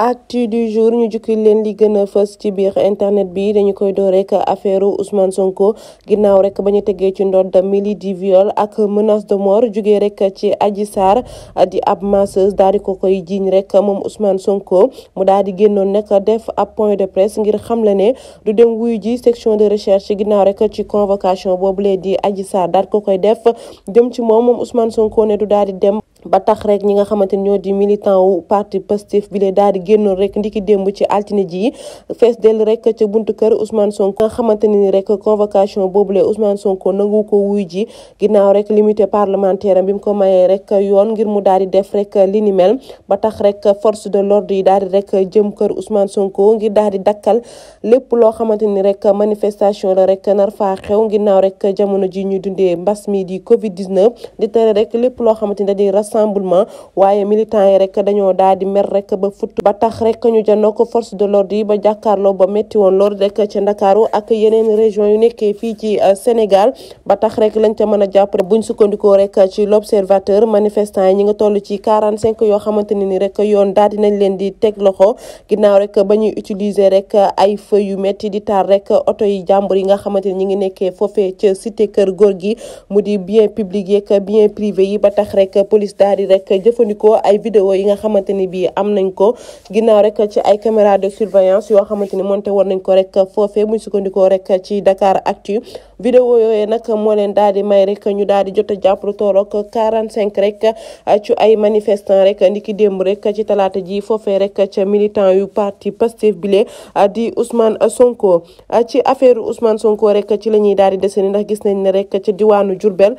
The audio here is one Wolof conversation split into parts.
actu du jour ñu jukki leen li gën a fës ci biir internet bi dañu koy doo rek affaire Ousmane Sonko ginaaw rek ba ñu tegee ci ndodd mili di viol ak menace de mort jugee rek ci aji Sarr di ab masseuse daal di ko koy jiiñ rek moom Ousmane Sonko mu daal di génnoon nag def ab point de presse ngir xam ne du dem wuy ji section de recherche ginnaaw rek ci convocation boobu lee di Adji Sarr daal ko koy def jëm ci moom moom Ousmane Sonko ne du daal di dem. ba tax rek ñi nga xamante ni ñoo di militant wu parti Pastef bi lee daal di génnoon rek ndiki démb ci altine ji fes dell rek ci buntu kër Ousmane Sonko nga xamante ni rek convocation boobule Ousmane Sonko nangu ko wuy ji ginnaaw rek limité parlementaire bi mu ko mayee rek yoon ngir mu daal di def rek li ni mel ba tax rek force de l'ordre yi daal di rek jëm kër Ousmane Sonko ngir daal di dakkal lépp loo xamante ni rek manifestation la rek nar faa xew ginnaaw rek jamono ji ñu dundee mbas mi di Covid 19 di tere rek lépp loo xamante ni da di rassemblement waaye militants yi rek dañoo daal di mer rek ba fut ba tax rek ñu janoo ko force de l'ordre yi ba jàkkaarloo ba métti woon lool rek ca Ndakaaru ak yeneen région yu nekkee fii ci euh, Sénégal ba tax rek lañ ca mën a jàpp buñ sukkandikoo rek ci l'observateur manifestant yi ñi nga toll ci yoo xamante ni rek yoon daal leen di teg loxo ginnaaw rek ba ñuy rek ay feu yu métti di taal rek oto yi jàmbur yi nga xamante ñi ngi nekkee foofee daal di rek jëfandikoo ay vidéo yi nga xamante ni bii am nañ ko ginnaaw rek ci ay caméra de surveillance yoo xamante ni monté war nañ ko rek foofee muy sukkandikoo rek ci Dakar Actu vidéo yooyu nag moo leen daal di may rek ñu daal di jot a jàpp lu tolloog 45 rek ci ay manifestant rek ndiki démb rek ci talaata ji foofe rek ca militant yu parti Pastef bile di Ousmane Sonko ci affaire Ousmane Sonko rek ci la ñuy daal di deseni ndax gis nañ ne rek diwaanu Diourbel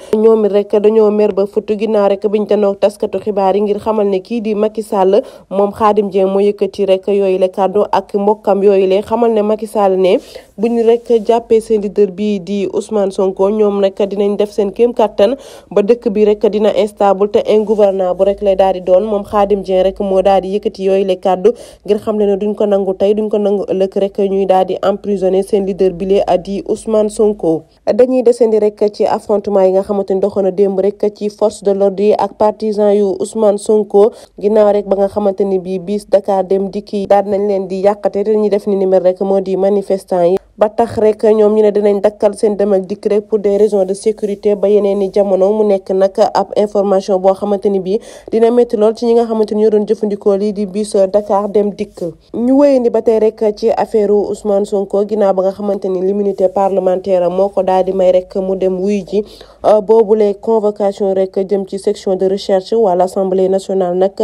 janoog taskatu xibaar yi ngir xamal ne kii di Macky Sall moom Khadim Dieng moo yëkkati rek yooyu le kàddu ak mbokkam yooyu le xamal ne Macky Sall ne bu ñu rek jàppee seen leader bi di Ousmane Sonko ñoom rek dinañ def seen kéem kattan ba dëkk bi rek dina instable te bu rek lay daal di doon moom Khadim Dieng rek moo daal yëkkati yooyu le kàddu ngir xam le ne duñ ko nangu tey duñ ko nangu ëllëg rek ñuy daal di emprisonné seen leader bi lee di Ousmane Sonko. dañuy desandi rek ci affrontement yi nga xamante ni doxoon na démb rek ci force de l'ordre yi ak partisan yu Ousmane Sonko ginnaaw rek ba nga xamante ni bii bis Dakar dem dikki daal nañ leen di yàqate te ñuy def ni numéro rek moo di manifestant yi. ba tax rek ñoom ñu ne dinañ dakkal seen dem ak dikk rek pour des raisons de sécurité ba yeneen i jamono mu nekk nag ab information boo xamante ni bii dina métti lool ci ñi nga xamante ni ñoo doon jëfandikoo lii di bisso Dakar dem dikk ñu wéyandi ba tey rek ci affaire Ousmane Sonko ginnaaw ba nga xamante ni l'immunité parlementaire moo ko daal di may rek mu dem wuy ji euh, boobu boobule convocation rek jëm ci section de recherche wala assemblée nationale nag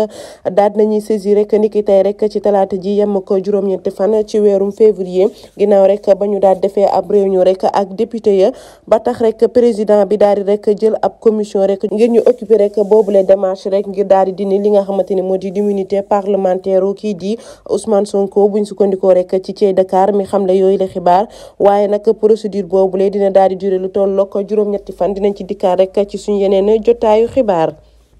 daal nañuy saisir rek niki tey rek ci talaata ji yem ko juróom-ñeenti fan ci weerum février ginnaaw rek. ba ñu daal defee ab réunion rek ak député ya ba tax rek président bi daal di rek jël ab commission rek ngir ñu occuper rek boobule démarche rek ngir daal di dindi li nga xamante ni moo di immunité parlementaire kii di Ousmane Sonko buñ sukkandikoo rek ci Thiey Dakar mi xam la yooyu la xibaar waaye nag procédure boobule dina daal di durer lu toll ak juróom-ñetti fan dinañ ci dikkaar rek ci suñu yeneen jotaayu xibaar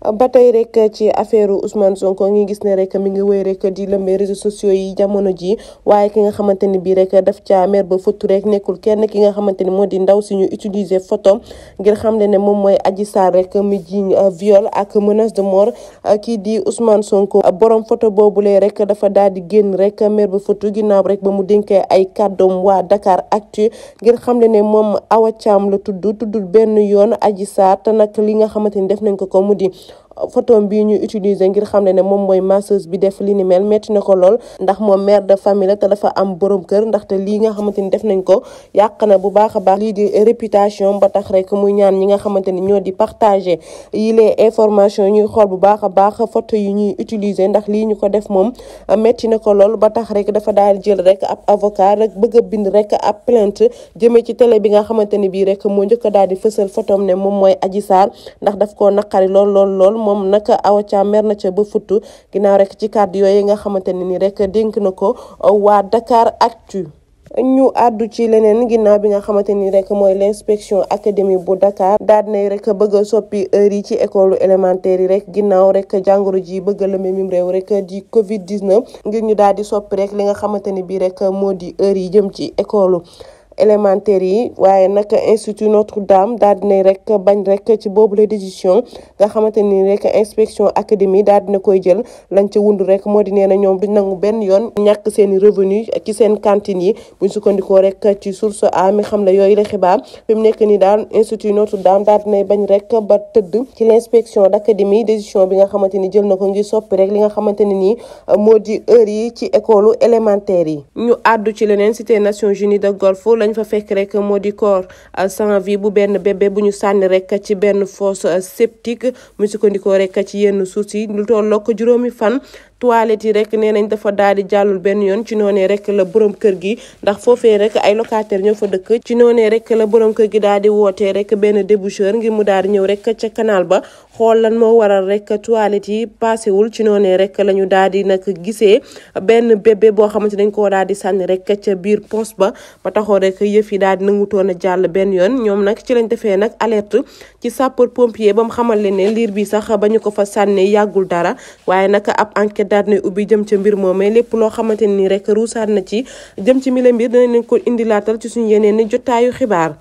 ba tey rek ci affaire Ousmane Sonko ngi gis ne rek mi ngi wéy rek di lëmbee réseaux sociaux yi jamono ji waaye ki nga xamante ni bii rek daf caa mer ba fottu rek nekkul kenn ki nga xamante ni moo di ndaw si utiliser photo ngir xam ne ne moom mooy Adji Sarr rek mi jiñ euh, viol ak menace de euh, kii di Ousmane Sonko borom photo boobule rek dafa daal di génn rek mer ba fottu ginnaaw rek ba mu dénkee ay kàddoom waa Dakar Actu ngir xam ne ne moom Awa Thiam la tudd tuddul benn yoon aji Sarr te nag li nga xamante ni def nañ ko ko mu di bello photom bi ñu utiliser ngir xam ne ne moom mooy masseuse bi def li ni mel metti na ko lool ndax moom mère de famille te dafa am borom kër ndaxte lii nga xamante ni def nañ ko yàq na bu baax a baax lii di réputation ba tax rek muy ñaan ñi nga xamante ni ñoo di partager yi les information ñuy xool bu baax a baax photo yi ñuy utiliser ndax lii ñu ko def moom metti na ko lool ba tax rek dafa daal jël rek ab avocat rek bëgg a bind rek ab plainte jëmee ci télé bi nga xamante ni bii rek moo njëkk daal di fësal photom ne moom mooy aji saal ndax def koo naqari lool lool lool moom nag Awa Thiam mer na ca ba futtu ginnaaw rek ci kàddu yooyu nga xamante ne ni rek dénk na ko waa Dakar Actu ñu àddu ci leneen ginnaaw bi nga xamante ni rek mooy l' inspection académie bu dakaar daal nay rek bëgg soppi heure yi ci école élémentaire yi rek ginnaaw rek jàngoro ji bëgg a lëmbe mim réew rek di Covid 19 ngir ñu daal di soppi rek li nga xamante ni bii rek moo di heure yi jëm ci école. élémentaire yi waaye nag institut Notre-Dame daal dina rek bañ rek ci boobu la décision nga xamante ni rek inspection académie daal dina koy jël lañ ca wund rek moo di nee na ñoom du nangu benn yoon ñàkk seen i revenu ci seen cantine yi buñ sukkandikoo rek ci source a mi xam la yooyu la xibaar fi mu nekk ni daal institut Notre-Dame daal bañ rek ba tëdd ci l' inspection d' académie bi nga xamante ni jël na ko ngir soppi rek li nga xamante ne nii moo di heure yi ci école élémentaire yi ñu àddu ci leneen cité Nations Unies de Golfe lañ fa fekk rek moo di corps sans bu benn bébé bu ñu sànni rek ci benn fosse euh, septique mu sukkandikoo rek ci yenn suuf si lu tollook juróomi fan toilette yi rek nee nañ dafa daal di jàllul benn yoon ci noonee rek la boroom kër gi ndax foofee rek ay locataire ñoo fa dëkk ci noonee rek la borom kër gi daal di wootee rek benn déboucheur ngir mu daal di ñëw rek ca canal ba xool lan moo waral rek toilette yi paasewul ci noonee rek la ñu daal di nag gisee benn bébé boo xamante dañ koo daal di sànni rek ca biir poste ba ba taxoo rek yëf yi daal di nangutoon jàll benn yoon ñoom nak ci lañ defee nag alerte ci sapeur pompier ba mu xamal leen ne liir bi sax ba ko fa sànni yàggul dara daal ne ubbi jëm ca mbir moomee lépp loo xamante ni rek ruusaat na ci jëm ci mila mbir dinañ leen ko indilaatal ci suñu yeneen ni jotaayu xibaar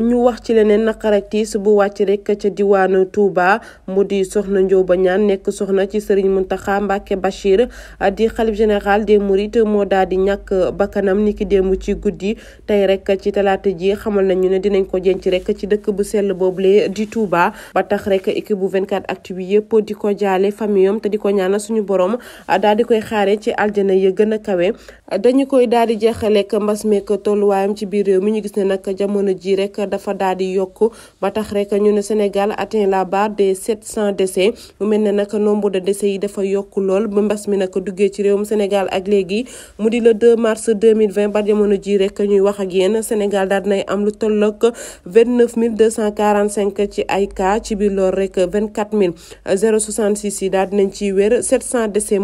ñu wax ci leneen naqar bu wàcc rek ca diwaanu Touba mu di soxna ba ñaan nekk soxna ci sëriñ mënta Mountakha Mbacké Bachir di xalif général des Mourides moo daal di ñàkk bakkanam niki démb ci guddi tey rek ci talaata ji xamal nañu ne dinañ ko jenc rek ci dëkk bu sell boobu lee di Touba ba tax rek équipe bu 24 actu bi yëpp di ko jaale famiyam te di ko ñaanal suñu borom daal di koy xaare ci aljana yi gën a kawe dañu koy daal di jeexaleek mbas meek tolluwaayam ci biir mi ñu gis ne nag jamono ji rek dafa daal di yokku ba tax rek ñu ne Sénégal atteint la barre des 700 décès mu mel ne nag nombre de décès yi dafa yokku lool ba mbas mi nag duggee ci réewum Sénégal ak léegi mu di le 2 mars 2020 ba jamono ji rek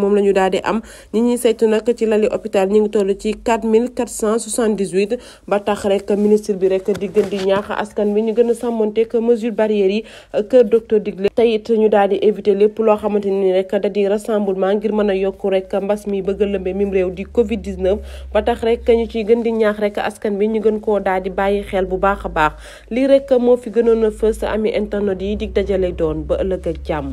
moom la ñu daal di am ñi ñuy saytu nag ci lali hôpital ñu ngi toll ci 4 478 ba tax rek ministre bi rek di gën di ñaax askan bi ñu gën a sàmmonte que mesure barrières yi kër euh, docteur digle te it ñu daal di éviter lépp loo xamante ni rek da di rassemblement ngir mën a yokku rek mbas mi bëgg a lëmbee mim réew di covid 19 ba tax rek ñu ciy gën di ñaax rek askan bi ñu gën koo daal di bàyyi xel bu baax a baax lii rek moo fi gënoon a fës ami internet yi di dajale doon ba ëllëg ak jàmm